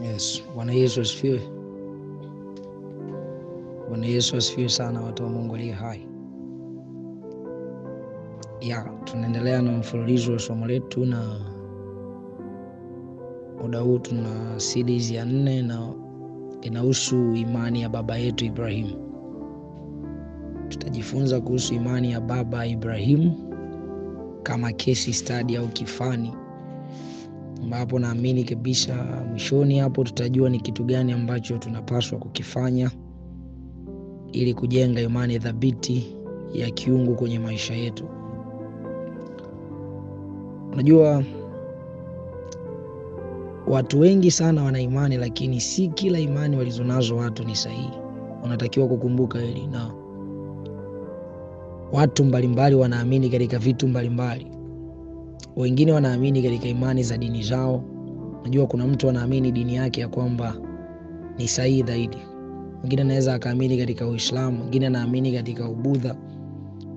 Yes, Bwana Yesu asifiwe. Bwana Yesu asifiwe sana, watu wa Mungu aliye hai. Ya, tunaendelea na mfululizo wa somo letu, na muda huu tuna series ya nne na inahusu imani ya baba yetu Ibrahimu. Tutajifunza kuhusu imani ya baba Ibrahimu kama case study au kifani ambapo naamini kabisa mwishoni hapo tutajua ni kitu gani ambacho tunapaswa kukifanya ili kujenga imani thabiti ya kiungu kwenye maisha yetu. Unajua, watu wengi sana wana imani, lakini si kila imani walizonazo watu ni sahihi. wanatakiwa kukumbuka hili, na watu mbalimbali wanaamini katika vitu mbalimbali wengine wanaamini katika imani za dini zao. Najua kuna mtu anaamini dini yake ya kwamba ni sahihi zaidi. wengine anaweza akaamini katika Uislamu, wengine anaamini katika Ubudha,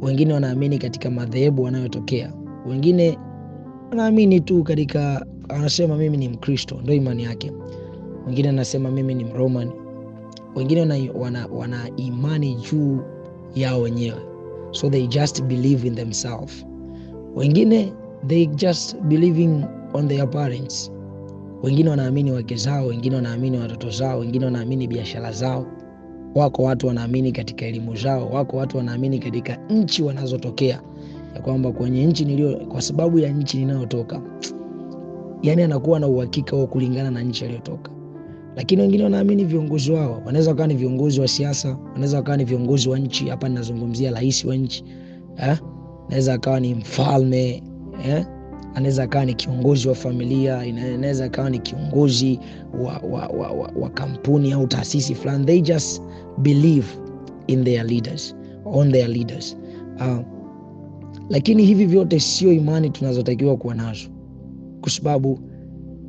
wengine wanaamini katika madhehebu wanayotokea, wengine wanaamini tu katika, anasema mimi ni Mkristo, ndo imani yake. Wengine anasema mimi ni mroman wengine wana, wana, wana imani juu yao wenyewe, so they just believe in themselves. Wengine they just believing on their parents. Wengine wanaamini wake zao, wengine wanaamini watoto zao, wengine wanaamini biashara zao. Wako watu wanaamini katika elimu zao, wako watu wanaamini katika nchi wanazotokea, ya kwamba kwenye nchi nilio, kwa sababu ya nchi ninayotoka, yani anakuwa na uhakika wa kulingana na nchi aliyotoka. Lakini wengine wanaamini viongozi wao, wanaweza wakawa ni viongozi wa siasa, wanaweza wakawa ni viongozi wa nchi. Hapa ninazungumzia rahisi wa nchi eh? Naweza akawa ni mfalme eh? anaweza akawa ni kiongozi wa familia, anaweza akawa ni kiongozi wa, wa, wa, wa, wa kampuni au taasisi fulani. They just believe in their leaders, on their leaders. Uh, lakini hivi vyote sio imani tunazotakiwa kuwa nazo, kwa sababu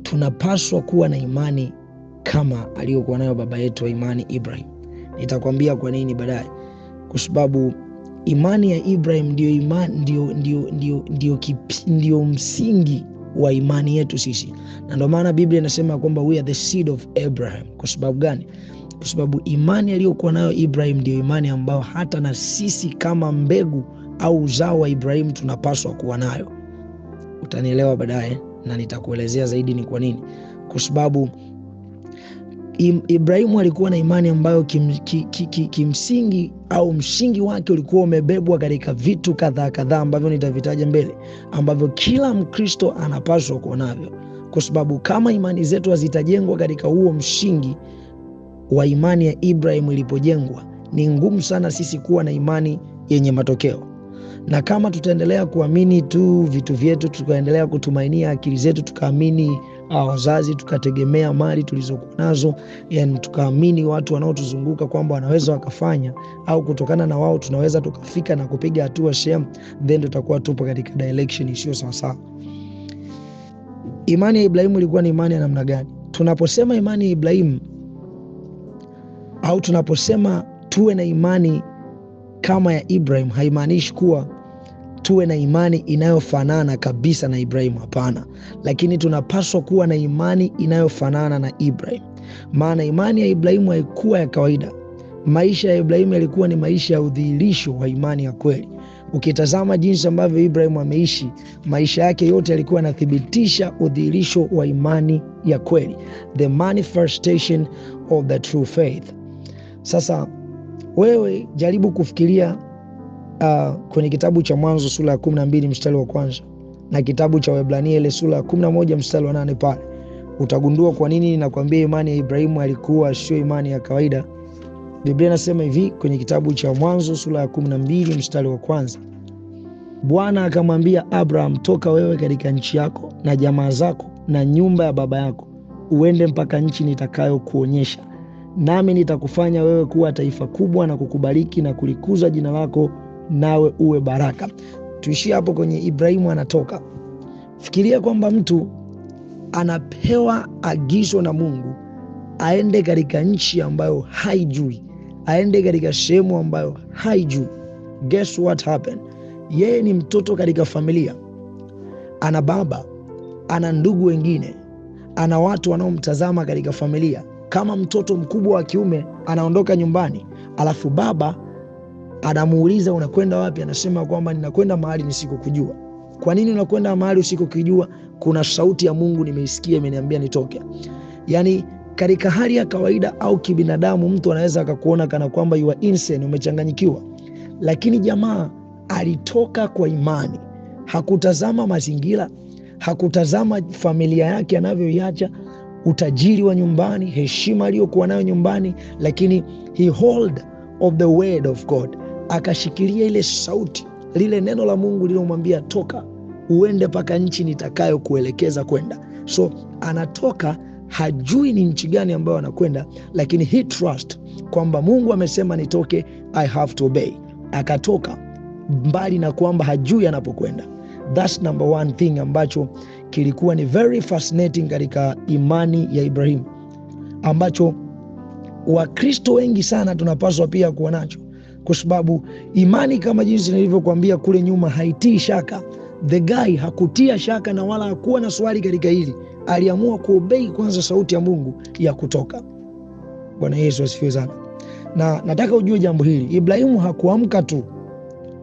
tunapaswa kuwa na imani kama aliyokuwa nayo baba yetu wa imani Ibrahim. Nitakwambia kwa nini baadaye, kwa sababu imani ya Ibrahim ndio ndio, ndio, ndio, ndio, ndio msingi wa imani yetu sisi, na ndio maana Biblia inasema kwamba we are the seed of Abraham. Kwa sababu gani? Kwa sababu imani aliyokuwa nayo Ibrahim ndio imani ambayo hata na sisi kama mbegu au uzao wa Ibrahim tunapaswa kuwa nayo. Utanielewa baadaye na nitakuelezea zaidi ni kwa nini, kwa sababu Ibrahimu alikuwa na imani ambayo kim, ki, ki, ki, kimsingi au msingi wake ulikuwa umebebwa katika vitu kadhaa kadhaa ambavyo nitavitaja mbele, ambavyo kila Mkristo anapaswa kuwa navyo, kwa sababu kama imani zetu hazitajengwa katika huo msingi wa imani ya Ibrahimu ilipojengwa, ni ngumu sana sisi kuwa na imani yenye matokeo na kama tutaendelea kuamini tu vitu vyetu, tukaendelea kutumainia akili zetu, tukaamini wazazi, tukategemea mali tulizokuwa nazo, yani tukaamini watu wanaotuzunguka kwamba wanaweza wakafanya, au kutokana na wao tunaweza tukafika na kupiga hatua sehemu, then tutakuwa tupo katika direction isiyo sawasawa. Imani ya Ibrahimu ilikuwa ni imani ya namna gani? Tunaposema imani ya Ibrahimu au tunaposema tuwe na imani kama ya Ibrahim haimaanishi kuwa tuwe na imani inayofanana kabisa na Ibrahimu? Hapana, lakini tunapaswa kuwa na imani inayofanana na Ibrahimu, maana imani ya Ibrahimu haikuwa ya kawaida. Maisha ya Ibrahimu yalikuwa ni maisha ya udhihirisho wa imani ya kweli. Ukitazama jinsi ambavyo Ibrahimu ameishi, maisha yake yote yalikuwa yanathibitisha udhihirisho wa imani ya kweli, the manifestation of the true faith. Sasa wewe jaribu kufikiria uh, kwenye kitabu cha Mwanzo sura ya 12 mstari wa kwanza na kitabu cha Waebrania ile sura ya 11 mstari wa nane pale utagundua kwa nini nakwambia imani ya Ibrahimu alikuwa sio imani ya kawaida. Biblia inasema hivi kwenye kitabu cha Mwanzo sura ya 12 mstari wa kwanza Bwana akamwambia Abraham, toka wewe katika nchi yako na jamaa zako na nyumba ya baba yako, uende mpaka nchi nitakayokuonyesha, nami nitakufanya wewe kuwa taifa kubwa, na kukubariki na kulikuza jina lako nawe uwe baraka. Tuishie hapo kwenye Ibrahimu anatoka. Fikiria kwamba mtu anapewa agizo na Mungu aende katika nchi ambayo haijui, aende katika sehemu ambayo haijui. Guess what happened? Yeye ni mtoto katika familia, ana baba, ana ndugu wengine, ana watu wanaomtazama katika familia. Kama mtoto mkubwa wa kiume anaondoka nyumbani, alafu baba anamuuliza unakwenda wapi? Anasema kwamba ninakwenda mahali nisikokujua. Kwa nini unakwenda mahali usikokijua? Kuna sauti ya Mungu nimeisikia, imeniambia nitoke. Yani katika hali ya kawaida au kibinadamu, mtu anaweza akakuona kana kwamba you are insane, umechanganyikiwa, lakini jamaa alitoka kwa imani, hakutazama mazingira, hakutazama familia yake anavyoiacha, utajiri wa nyumbani, heshima aliyokuwa nayo nyumbani, lakini he hold of the word of God akashikilia ile sauti, lile neno la Mungu lilomwambia toka uende mpaka nchi nitakayokuelekeza kwenda. So anatoka hajui ni nchi gani ambayo anakwenda, lakini he trust kwamba Mungu amesema nitoke, I have to obey. Akatoka mbali na kwamba hajui anapokwenda. That's number one thing ambacho kilikuwa ni very fascinating katika imani ya Ibrahimu ambacho Wakristo wengi sana tunapaswa pia kuwa nacho kwa sababu imani kama jinsi nilivyokuambia kule nyuma haitii shaka. The guy hakutia shaka na wala hakuwa na swali katika hili, aliamua kuobei kwanza sauti ya Mungu ya kutoka. Bwana Yesu asifiwe sana. Na nataka ujue jambo hili, Ibrahimu hakuamka tu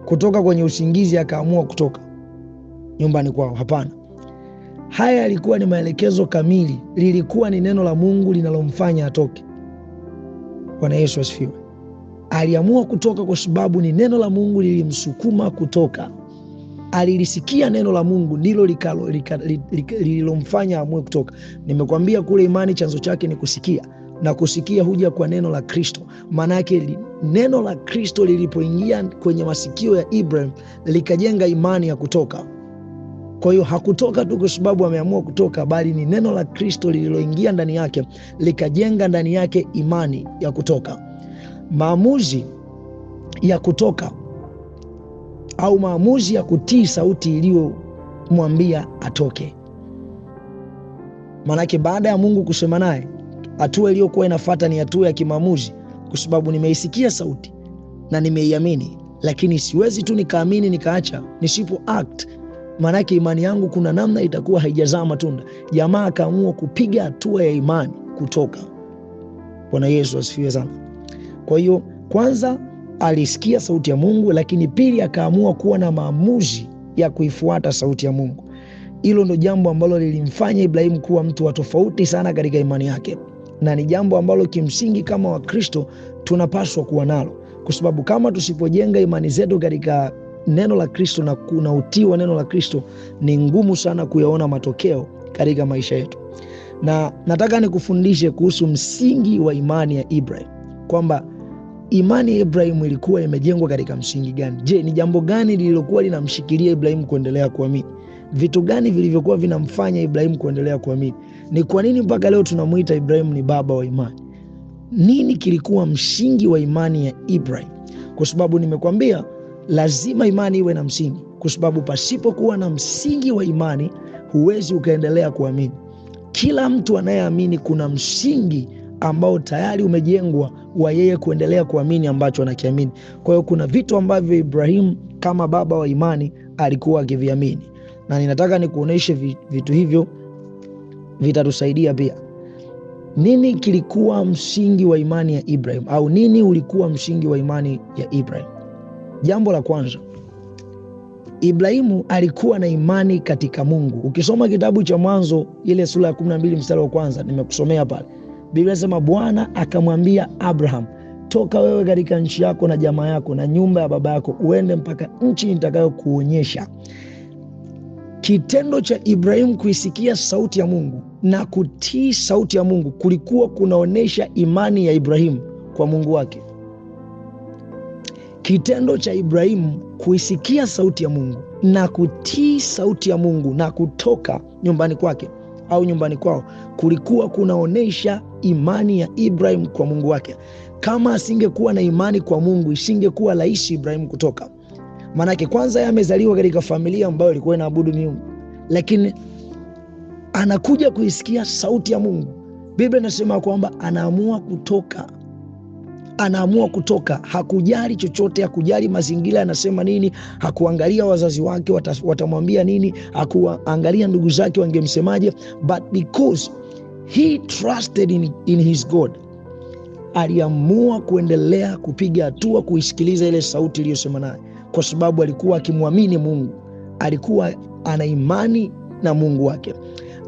kutoka kwenye usingizi akaamua kutoka nyumbani kwao. Hapana, haya yalikuwa ni maelekezo kamili, lilikuwa ni neno la Mungu linalomfanya atoke. Bwana Yesu asifiwe aliamua kutoka kwa sababu ni neno la Mungu lilimsukuma kutoka. Alilisikia neno la Mungu ndilo lililomfanya amue kutoka. Nimekuambia kule, imani chanzo chake ni kusikia, na kusikia huja kwa neno la Kristo. Maana yake neno la Kristo lilipoingia kwenye masikio ya Ibrahim likajenga imani ya kutoka. Kwa hiyo hakutoka tu kwa sababu ameamua kutoka, bali ni neno la Kristo lililoingia ndani yake likajenga ndani yake imani ya kutoka. Maamuzi ya kutoka au maamuzi ya kutii sauti iliyomwambia atoke. Maanake baada ya Mungu kusema naye, hatua iliyokuwa inafuata ni hatua ya kimaamuzi, kwa sababu nimeisikia sauti na nimeiamini, lakini siwezi tu nikaamini nikaacha. Nisipo act, maanake imani yangu kuna namna itakuwa haijazaa matunda. Jamaa akaamua kupiga hatua ya imani kutoka. Bwana Yesu asifiwe sana. Kwa hiyo kwanza alisikia sauti ya Mungu, lakini pili akaamua kuwa na maamuzi ya kuifuata sauti ya Mungu. Hilo ndo jambo ambalo lilimfanya Ibrahimu kuwa mtu wa tofauti sana katika imani yake, na ni jambo ambalo kimsingi kama Wakristo tunapaswa kuwa nalo, kwa sababu kama tusipojenga imani zetu katika neno la Kristo na kuna utiwa neno la Kristo, ni ngumu sana kuyaona matokeo katika maisha yetu. Na nataka nikufundishe kuhusu msingi wa imani ya Ibrahim kwamba imani ya Ibrahimu ilikuwa imejengwa katika msingi gani? Je, ni jambo gani lililokuwa linamshikilia Ibrahimu kuendelea kuamini? Vitu gani vilivyokuwa vinamfanya Ibrahimu kuendelea kuamini? Ni kwa nini mpaka leo tunamwita Ibrahimu ni baba wa imani? Nini kilikuwa msingi wa imani ya ibrahim Kwa sababu nimekwambia lazima imani iwe na msingi, kwa sababu pasipokuwa na msingi wa imani huwezi ukaendelea kuamini. Kila mtu anayeamini kuna msingi ambao tayari umejengwa wa yeye kuendelea kuamini ambacho anakiamini. Kwa hiyo kuna vitu ambavyo Ibrahimu kama baba wa imani alikuwa akiviamini, na ninataka nikuonyeshe vitu hivyo vitatusaidia pia. Nini kilikuwa msingi wa imani ya Ibrahim au nini ulikuwa msingi wa imani ya Ibrahim? Jambo la kwanza, Ibrahimu alikuwa na imani katika Mungu. Ukisoma kitabu cha Mwanzo ile sura ya 12 mstari wa kwanza, nimekusomea pale Biblia inasema Bwana akamwambia Abraham, toka wewe katika nchi yako na jamaa yako na nyumba ya baba yako, uende mpaka nchi nitakayokuonyesha. Kitendo cha Ibrahimu kuisikia sauti ya Mungu na kutii sauti ya Mungu kulikuwa kunaonyesha imani ya Ibrahimu kwa Mungu wake. Kitendo cha Ibrahimu kuisikia sauti ya Mungu na kutii sauti ya Mungu na kutoka nyumbani kwake au nyumbani kwao kulikuwa kunaonyesha imani ya Ibrahim kwa Mungu wake. Kama asingekuwa na imani kwa Mungu, isingekuwa rahisi Ibrahim kutoka. Maanake kwanza yeye amezaliwa katika familia ambayo ilikuwa inaabudu miungu, lakini anakuja kuisikia sauti ya Mungu. Biblia inasema kwamba anaamua kutoka anaamua kutoka, hakujali chochote, hakujali mazingira anasema nini, hakuangalia wazazi wake watamwambia nini, hakuangalia ndugu zake wangemsemaje, but because he trusted in, in his God aliamua kuendelea kupiga hatua kuisikiliza ile sauti iliyosema naye, kwa sababu alikuwa akimwamini Mungu, alikuwa ana imani na Mungu wake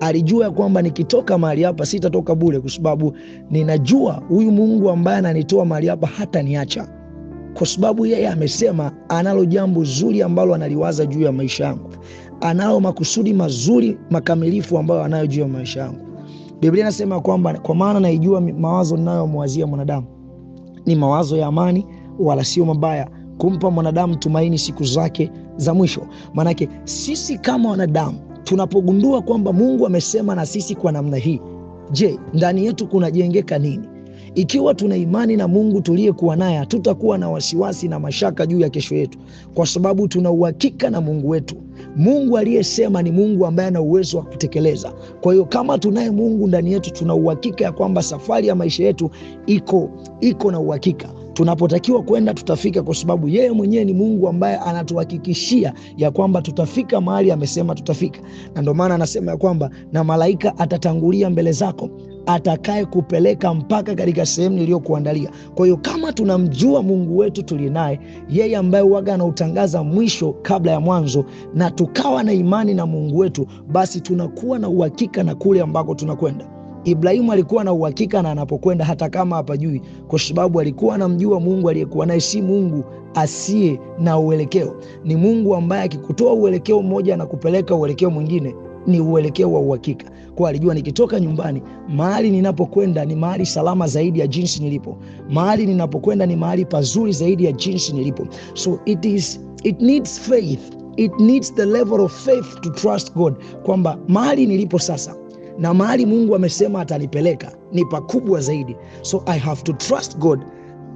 alijua ya kwamba nikitoka mahali hapa sitatoka bure, kwa sababu ninajua huyu Mungu ambaye ananitoa mahali hapa hata niacha, kwa sababu yeye amesema analo jambo zuri ambalo analiwaza juu ya maisha yangu, analo makusudi mazuri makamilifu ambayo anayo juu ya maisha yangu. Biblia inasema kwamba kwa maana naijua mawazo ninayomwazia mwanadamu ni mawazo ya amani, wala sio mabaya, kumpa mwanadamu tumaini siku zake za mwisho. Maanake sisi kama wanadamu tunapogundua kwamba Mungu amesema na sisi kwa namna hii, je, ndani yetu kunajengeka nini? Ikiwa tuna imani na Mungu tuliyekuwa naye, hatutakuwa na wasiwasi na mashaka juu ya kesho yetu, kwa sababu tuna uhakika na Mungu wetu. Mungu aliyesema ni Mungu ambaye ana uwezo wa kutekeleza. Kwa hiyo kama tunaye Mungu ndani yetu, tuna uhakika ya kwamba safari ya maisha yetu iko iko na uhakika tunapotakiwa kwenda tutafika, kwa sababu yeye mwenyewe ni Mungu ambaye anatuhakikishia ya kwamba tutafika mahali amesema tutafika. Na ndio maana anasema ya kwamba na malaika atatangulia mbele zako atakaye kupeleka mpaka katika sehemu niliyokuandalia. Kwa hiyo kama tunamjua Mungu wetu tuliye naye, yeye ambaye waga anautangaza mwisho kabla ya mwanzo, na tukawa na imani na Mungu wetu, basi tunakuwa na uhakika na kule ambako tunakwenda. Ibrahimu alikuwa na uhakika na anapokwenda, hata kama hapajui, kwa sababu alikuwa anamjua Mungu aliyekuwa naye. Si Mungu asiye na uelekeo, ni Mungu ambaye akikutoa uelekeo mmoja na kupeleka uelekeo mwingine ni uelekeo wa uhakika kwa alijua nikitoka nyumbani mahali ninapokwenda ni mahali salama zaidi ya jinsi nilipo mahali ninapokwenda ni mahali pazuri zaidi ya jinsi nilipo so it is it needs faith it needs the level of faith to trust god kwamba mahali nilipo sasa na mahali mungu amesema atanipeleka ni pakubwa zaidi so i have to trust god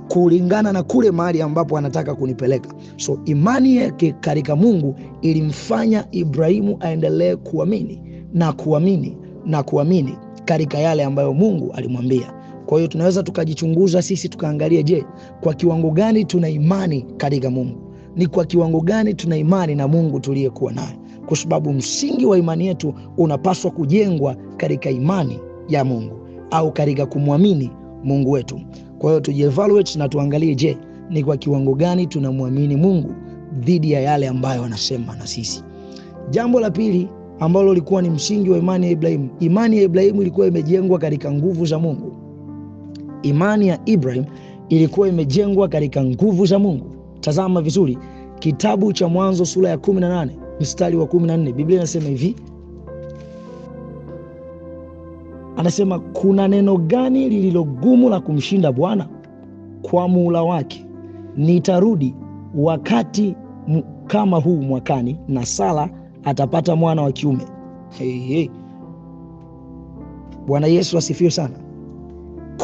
kulingana na kule mahali ambapo anataka kunipeleka. So imani yake katika Mungu ilimfanya Ibrahimu aendelee kuamini na kuamini na kuamini katika yale ambayo Mungu alimwambia. Kwa hiyo tunaweza tukajichunguza sisi tukaangalia, je, kwa kiwango gani tuna imani katika Mungu? Ni kwa kiwango gani tuna imani na Mungu tuliyekuwa naye? Kwa sababu msingi wa imani yetu unapaswa kujengwa katika imani ya Mungu au katika kumwamini Mungu wetu. Kwa hiyo tujievaluate na tuangalie, je, ni kwa kiwango gani tunamwamini Mungu dhidi ya yale ambayo anasema na sisi. Jambo la pili ambalo likuwa ni msingi wa imani ya Ibrahimu, imani ya Ibrahimu ilikuwa imejengwa katika nguvu za Mungu. Imani ya Ibrahim ilikuwa imejengwa katika nguvu za Mungu. Tazama vizuri kitabu cha Mwanzo sura ya 18 mstari wa 14, Biblia inasema hivi anasema kuna neno gani lililogumu la kumshinda Bwana? Kwa muula wake nitarudi wakati kama huu mwakani, na sala atapata mwana wa kiume. Hey, hey. Bwana Yesu asifiwe sana.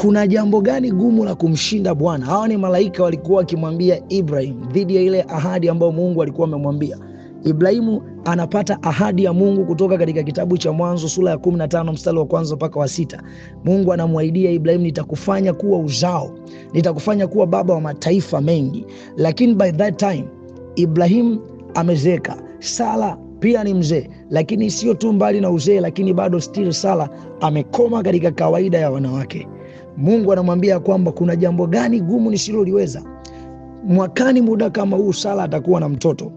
Kuna jambo gani gumu la kumshinda Bwana? Hawa ni malaika walikuwa wakimwambia Ibrahim dhidi ya ile ahadi ambayo Mungu alikuwa amemwambia Ibrahimu anapata ahadi ya Mungu kutoka katika kitabu cha Mwanzo sura ya 15 mstari wa kwanza mpaka wa sita. Mungu anamwahidia Ibrahimu, nitakufanya kuwa uzao, nitakufanya kuwa baba wa mataifa mengi. Lakini by that time Ibrahimu amezeeka, Sara pia ni mzee, lakini sio tu mbali na uzee, lakini bado still Sara amekoma katika kawaida ya wanawake. Mungu anamwambia kwamba kuna jambo gani gumu nisiloliweza? Mwakani muda kama huu Sara atakuwa na mtoto.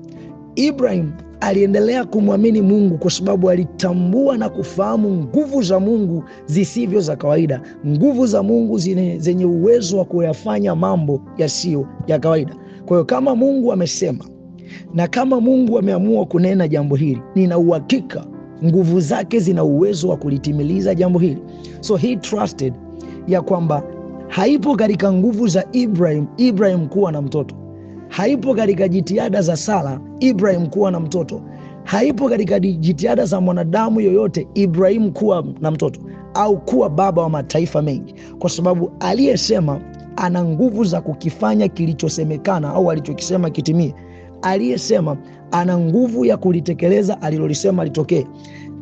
Ibrahim aliendelea kumwamini Mungu kwa sababu alitambua na kufahamu nguvu za Mungu zisivyo za kawaida, nguvu za Mungu zine, zenye uwezo wa kuyafanya mambo yasiyo ya kawaida. Kwa hiyo kama Mungu amesema na kama Mungu ameamua kunena jambo hili, nina uhakika nguvu zake zina uwezo wa kulitimiliza jambo hili. So he trusted ya kwamba haipo katika nguvu za Ibrahim Ibrahim kuwa na mtoto haipo katika jitihada za Sara Ibrahim kuwa na mtoto, haipo katika jitihada za mwanadamu yoyote Ibrahim kuwa na mtoto au kuwa baba wa mataifa mengi, kwa sababu aliyesema ana nguvu za kukifanya kilichosemekana au alichokisema kitimie. Aliyesema ana nguvu ya kulitekeleza alilolisema litokee.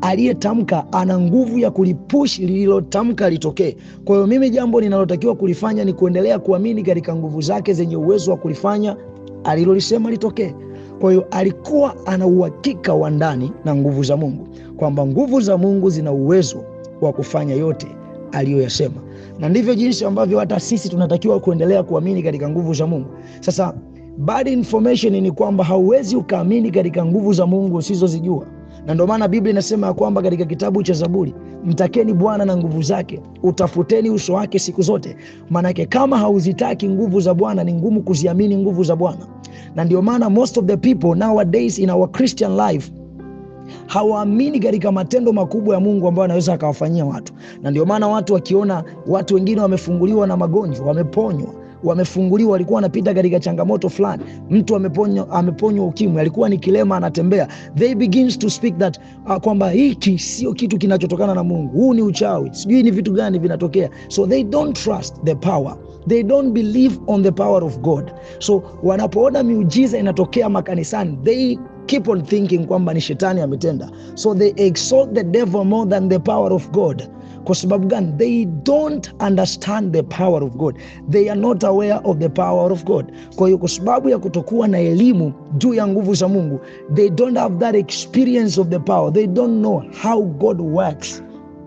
Aliyetamka ana nguvu ya kulipushi lililotamka litokee. Kwa hiyo mimi, jambo ninalotakiwa kulifanya ni kuendelea kuamini katika nguvu zake zenye uwezo wa kulifanya alilolisema litokee. Kwa hiyo alikuwa ana uhakika wa ndani na nguvu za Mungu kwamba nguvu za Mungu zina uwezo wa kufanya yote aliyoyasema, na ndivyo jinsi ambavyo hata sisi tunatakiwa kuendelea kuamini katika nguvu za Mungu. Sasa bad information ni kwamba hauwezi ukaamini katika nguvu za Mungu usizozijua na ndio maana Biblia inasema ya kwamba katika kitabu cha Zaburi, mtakeni Bwana na nguvu zake, utafuteni uso wake siku zote. Maanake kama hauzitaki nguvu za Bwana, ni ngumu kuziamini nguvu za Bwana. Na ndio maana most of the people nowadays in our Christian life hawaamini katika matendo makubwa ya Mungu ambayo anaweza akawafanyia watu, na ndio maana watu wakiona watu wengine wamefunguliwa na magonjwa, wameponywa wamefunguliwa, walikuwa wanapita katika changamoto fulani. Mtu ameponywa, ukimwi, alikuwa ni kilema, anatembea. They begins to speak that uh, kwamba hiki sio kitu kinachotokana na Mungu, huu ni uchawi, sijui ni vitu gani vinatokea. So they don't trust the power, they don't believe on the power of God. So wanapoona miujiza inatokea makanisani they keep on thinking kwamba ni shetani ametenda, so they exalt the devil more than the power of God. Kwa sababu gani? They don't understand the power of God, they are not aware of the power of God. Kwa hiyo kwa sababu ya kutokuwa na elimu juu ya nguvu za Mungu, they don't have that experience of the power, they don't know how God works.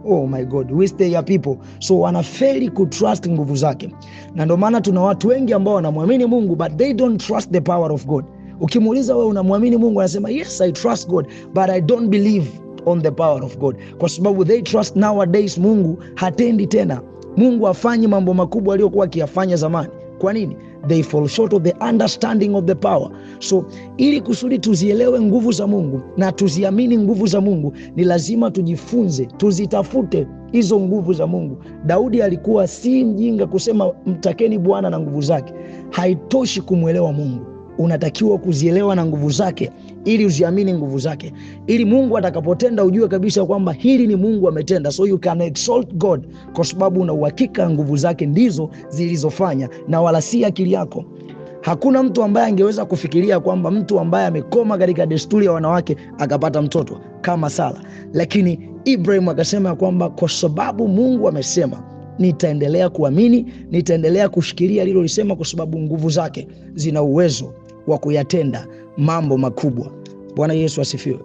Oh my God, we ya people so wanafeli kutrust nguvu zake, na ndio maana tuna watu wengi ambao wanamwamini Mungu but they don't trust the power of God. Ukimuuliza wewe unamwamini Mungu, anasema yes I trust God but I don't believe on the power of God, kwa sababu they trust nowadays Mungu hatendi tena, Mungu hafanyi mambo makubwa aliyokuwa akiyafanya zamani. Kwa nini? They fall short of the understanding of the power. So ili kusudi tuzielewe nguvu za Mungu na tuziamini nguvu za Mungu, ni lazima tujifunze, tuzitafute hizo nguvu za Mungu. Daudi alikuwa si mjinga kusema mtakeni Bwana na nguvu zake. Haitoshi kumwelewa Mungu unatakiwa kuzielewa na nguvu zake ili uziamini nguvu zake, ili Mungu atakapotenda ujue kabisa kwamba hili ni Mungu ametenda. So you can exalt God kwa sababu una uhakika nguvu zake ndizo zilizofanya na wala si akili yako. Hakuna mtu ambaye angeweza kufikiria kwamba mtu ambaye amekoma katika desturi ya wanawake akapata mtoto kama Sara, lakini Ibrahim akasema ya kwamba kwa sababu Mungu amesema nitaendelea kuamini, nitaendelea kushikilia lilolisema, kwa sababu nguvu zake zina uwezo wa kuyatenda mambo makubwa. Bwana Yesu asifiwe.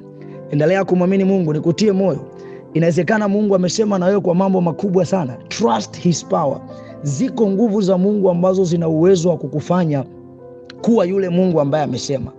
Endelea kumwamini Mungu, nikutie moyo. Inawezekana Mungu amesema na wewe kwa mambo makubwa sana. Trust his power. Ziko nguvu za Mungu ambazo zina uwezo wa kukufanya kuwa yule Mungu ambaye amesema.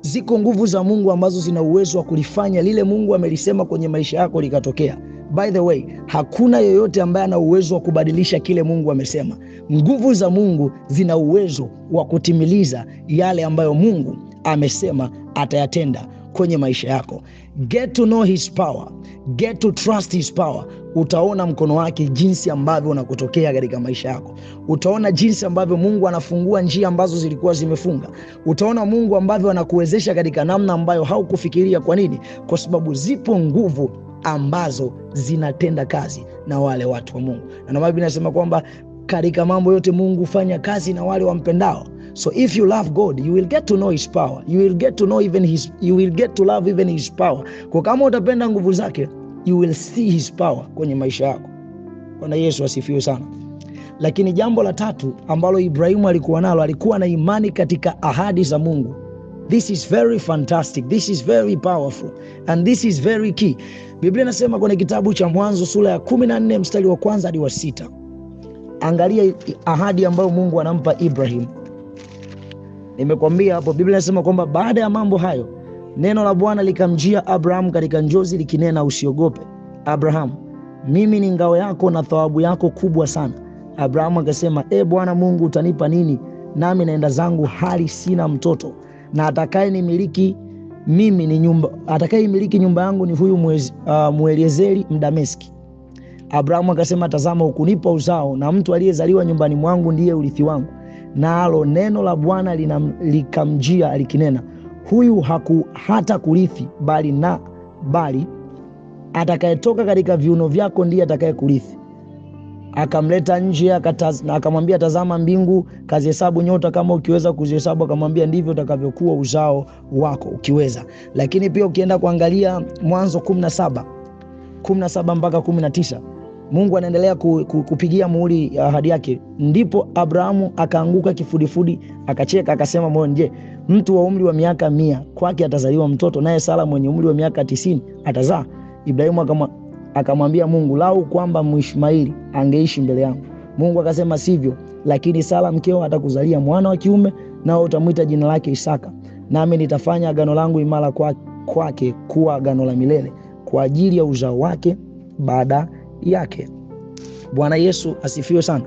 Ziko nguvu za Mungu ambazo zina uwezo wa kulifanya lile Mungu amelisema kwenye maisha yako likatokea by the way, hakuna yoyote ambaye ana uwezo wa kubadilisha kile Mungu amesema. Nguvu za Mungu zina uwezo wa kutimiliza yale ambayo Mungu amesema atayatenda kwenye maisha yako. Get to know his power, get to trust his power. Utaona mkono wake jinsi ambavyo unakutokea katika maisha yako. Utaona jinsi ambavyo Mungu anafungua njia ambazo zilikuwa zimefunga. Utaona Mungu ambavyo anakuwezesha katika namna ambayo haukufikiria. Kwa nini? Kwa sababu zipo nguvu ambazo zinatenda kazi na wale watu wa Mungu, na nabai Biblia inasema kwamba katika mambo yote Mungu hufanya kazi na wale wampendao. So if you love God, you will get to know his power. You will get to know even his, you will get to love even his power. Kwa kama utapenda nguvu zake, you will see his power kwenye maisha yako. Bwana Yesu asifiwe sana. Lakini jambo la tatu ambalo Ibrahimu alikuwa nalo, alikuwa na imani katika ahadi za Mungu. This is very fantastic. This is very powerful. And this is very key. Biblia inasema kwenye kitabu cha Mwanzo sura ya 14 mstari wa kwanza hadi wa sita. Angalia ahadi ambayo Mungu anampa Ibrahim. Nimekwambia hapo, Biblia inasema kwamba baada ya mambo hayo neno la Bwana likamjia Abraham katika njozi likinena, usiogope Abrahamu, mimi ni ngao yako na thawabu yako kubwa sana. Abrahamu akasema, e Bwana Mungu, utanipa nini nami naenda zangu hali sina mtoto, na atakaye nimiliki mimi ni nyumba, atakayemiliki nyumba yangu ni huyu uh, Mdameski. Abrahamu akasema, tazama, ukunipa uzao, na mtu aliyezaliwa nyumbani mwangu ndiye urithi wangu. Nalo neno la Bwana likamjia likinena, huyu haku, hata kurithi bali na bali atakayetoka katika viuno vyako ndiye atakaye kurithi akamleta nje akamwambia, tazama mbingu, kazihesabu nyota kama ukiweza kuzihesabu. Akamwambia, ndivyo utakavyokuwa uzao wako ukiweza. Lakini pia ukienda kuangalia Mwanzo 17 17 mpaka 19 Mungu anaendelea ku, ku, kupigia muhuri uh, ahadi yake. Ndipo Abrahamu akaanguka kifudifudi, akacheka akasema moyoni, je, mtu wa umri wa miaka mia kwake atazaliwa mtoto, naye Sara mwenye umri wa miaka tisini atazaa? Ibrahimu akamwambia akamwambia Mungu, lau kwamba Mwismaili angeishi mbele yangu. Mungu akasema sivyo, lakini Sara mkeo atakuzalia mwana wa kiume, nao utamwita jina lake Isaka, nami nitafanya agano langu imara kwake kwa kuwa agano la milele kwa ajili ya uzao wake baada yake. Bwana Yesu asifiwe sana.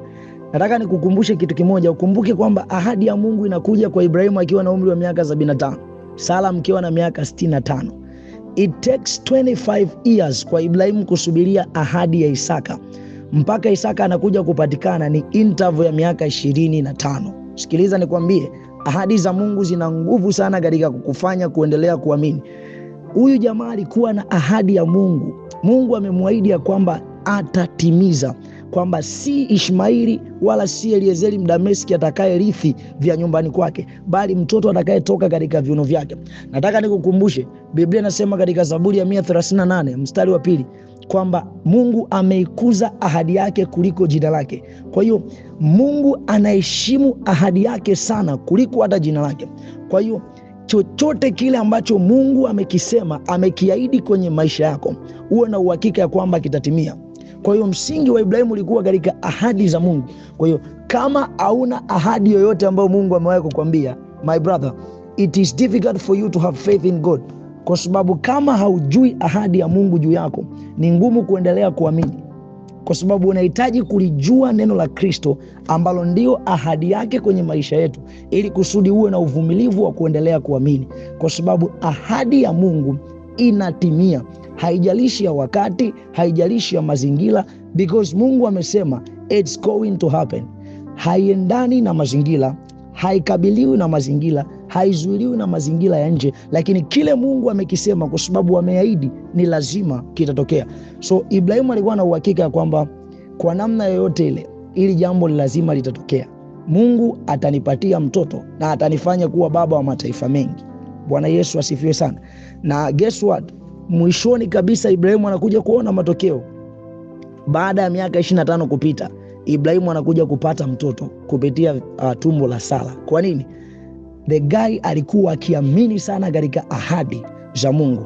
Nataka nikukumbushe kitu kimoja, ukumbuke kwamba ahadi ya Mungu inakuja kwa Ibrahimu akiwa na umri wa miaka 75, sala mkiwa na miaka 65. It takes 25 years kwa Ibrahimu kusubiria ahadi ya Isaka mpaka Isaka anakuja kupatikana ni interval ya miaka 25. Sikiliza nikwambie, ahadi za Mungu zina nguvu sana katika kukufanya kuendelea kuamini. Huyu jamaa alikuwa na ahadi ya Mungu. Mungu amemwahidi ya kwamba atatimiza kwamba si Ishmaeli wala si Eliezeri Mdameski atakaye rithi vya nyumbani kwake, bali mtoto atakayetoka katika viuno vyake. Nataka nikukumbushe, Biblia inasema katika Zaburi ya 138 mstari wa pili kwamba Mungu ameikuza ahadi yake kuliko jina lake. Kwa hiyo Mungu anaheshimu ahadi yake sana kuliko hata jina lake. Kwa hiyo chochote kile ambacho Mungu amekisema, amekiahidi kwenye maisha yako, uwe na uhakika ya kwamba kitatimia. Kwa hiyo msingi wa Ibrahimu ulikuwa katika ahadi za Mungu. Kwa hiyo kama hauna ahadi yoyote ambayo Mungu amewahi kukwambia, my brother, it is difficult for you to have faith in God, kwa sababu kama haujui ahadi ya Mungu juu yako ni ngumu kuendelea kuamini, kwa sababu unahitaji kulijua neno la Kristo ambalo ndio ahadi yake kwenye maisha yetu, ili kusudi uwe na uvumilivu wa kuendelea kuamini, kwa sababu ahadi ya Mungu inatimia haijalishi ya wakati, haijalishi ya mazingira, because Mungu amesema it's going to happen. Haiendani na mazingira, haikabiliwi na mazingira, haizuiliwi na mazingira ya nje, lakini kile Mungu amekisema, kwa sababu ameahidi, ni lazima kitatokea. So Ibrahimu alikuwa na uhakika ya kwamba kwa namna yoyote ile, ili jambo ni lazima litatokea. Mungu atanipatia mtoto na atanifanya kuwa baba wa mataifa mengi. Bwana Yesu asifiwe sana. Na guess what? Mwishoni kabisa Ibrahimu anakuja kuona matokeo. Baada ya miaka 25 kupita, Ibrahimu anakuja kupata mtoto kupitia uh, tumbo la Sara. Kwa nini? The guy alikuwa akiamini sana katika ahadi za Mungu.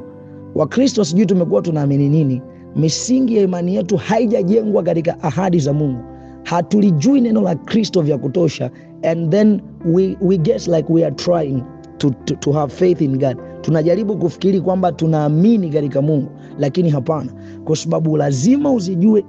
Wakristo sijui tumekuwa tunaamini nini? Misingi ya imani yetu haijajengwa katika ahadi za Mungu. Hatulijui neno la Kristo vya kutosha, and then we, we guess like we are trying to, to, to have faith in God Tunajaribu kufikiri kwamba tunaamini katika Mungu, lakini hapana, kwa sababu lazima uzijue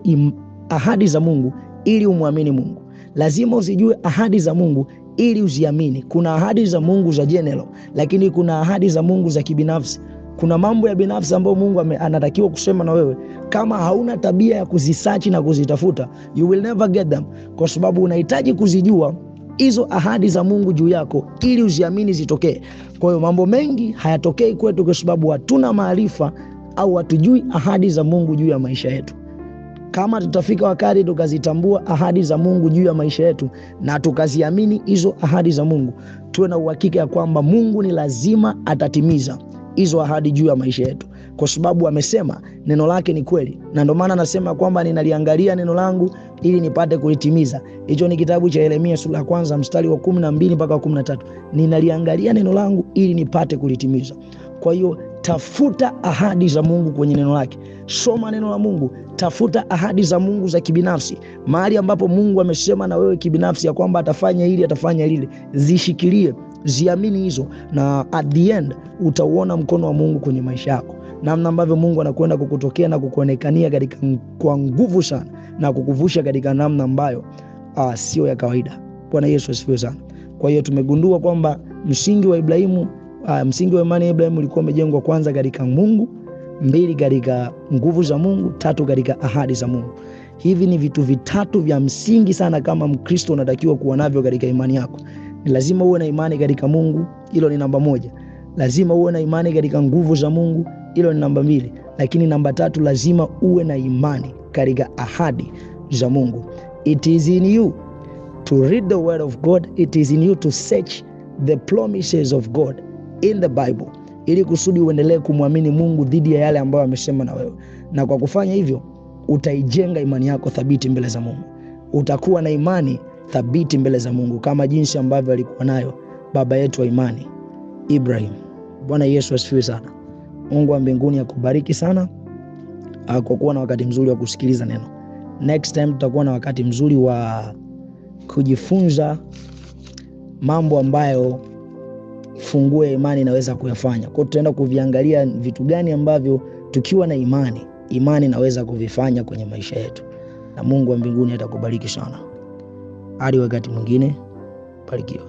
ahadi za Mungu ili umwamini Mungu. Lazima uzijue ahadi za Mungu ili uziamini. Kuna ahadi za Mungu za jenelo lakini kuna ahadi za Mungu za kibinafsi. Kuna mambo ya binafsi ambayo Mungu anatakiwa kusema na wewe. Kama hauna tabia ya kuzisachi na kuzitafuta, you will never get them, kwa sababu unahitaji kuzijua hizo ahadi za Mungu juu yako ili uziamini zitokee. Kwa hiyo mambo mengi hayatokei kwetu kwa sababu hatuna maarifa au hatujui ahadi za Mungu juu ya maisha yetu. Kama tutafika wakati tukazitambua ahadi za Mungu juu ya maisha yetu na tukaziamini hizo ahadi za Mungu, tuwe na uhakika ya kwamba Mungu ni lazima atatimiza hizo ahadi juu ya maisha yetu kwa sababu amesema neno lake ni kweli, na ndio maana anasema kwamba ninaliangalia neno langu ili nipate kulitimiza. Hicho ni kitabu cha Yeremia sura ya kwanza mstari wa kumi na mbili mpaka wa kumi na tatu ninaliangalia neno langu ili nipate kulitimiza. Kwa hiyo tafuta ahadi za Mungu kwenye neno lake, soma neno la Mungu, tafuta ahadi za Mungu za kibinafsi, mahali ambapo Mungu amesema na wewe kibinafsi ya kwamba atafanya hili, atafanya lile, zishikilie, ziamini hizo, na at the end utauona mkono wa Mungu kwenye maisha yako namna ambavyo Mungu anakwenda kukutokea na kukuonekania katika kwa nguvu sana na kukuvusha katika namna ambayo uh, sio ya kawaida. Bwana Yesu asifiwe sana. Kwa hiyo tumegundua kwamba msingi wa Ibrahimu uh, msingi wa imani ya Ibrahimu ulikuwa umejengwa kwanza katika Mungu, mbili katika nguvu za Mungu, tatu katika ahadi za Mungu. Hivi ni vitu vitatu vya msingi sana, kama Mkristo unatakiwa kuwa navyo katika imani yako. Ni lazima uwe na imani katika Mungu, hilo ni namba moja. Lazima uwe na imani katika nguvu za Mungu, hilo ni namba mbili, lakini namba tatu, lazima uwe na imani katika ahadi za Mungu. It is in you to read the word of God, it is in you to search the promises of God in the Bible, ili kusudi uendelee kumwamini Mungu dhidi ya yale ambayo amesema na wewe, na kwa kufanya hivyo utaijenga imani yako thabiti mbele za Mungu. Utakuwa na imani thabiti mbele za Mungu kama jinsi ambavyo alikuwa nayo baba yetu wa imani Ibrahim. Bwana Yesu asifiwe sana. Mungu wa mbinguni akubariki sana kwa kuwa na wakati mzuri wa kusikiliza neno. Next time tutakuwa na wakati mzuri wa kujifunza mambo ambayo funguo ya imani inaweza kuyafanya. Kwa hiyo tutaenda kuviangalia vitu gani ambavyo tukiwa na imani, imani inaweza kuvifanya kwenye maisha yetu, na Mungu wa mbinguni atakubariki sana. Hadi wakati mwingine, barikiwa.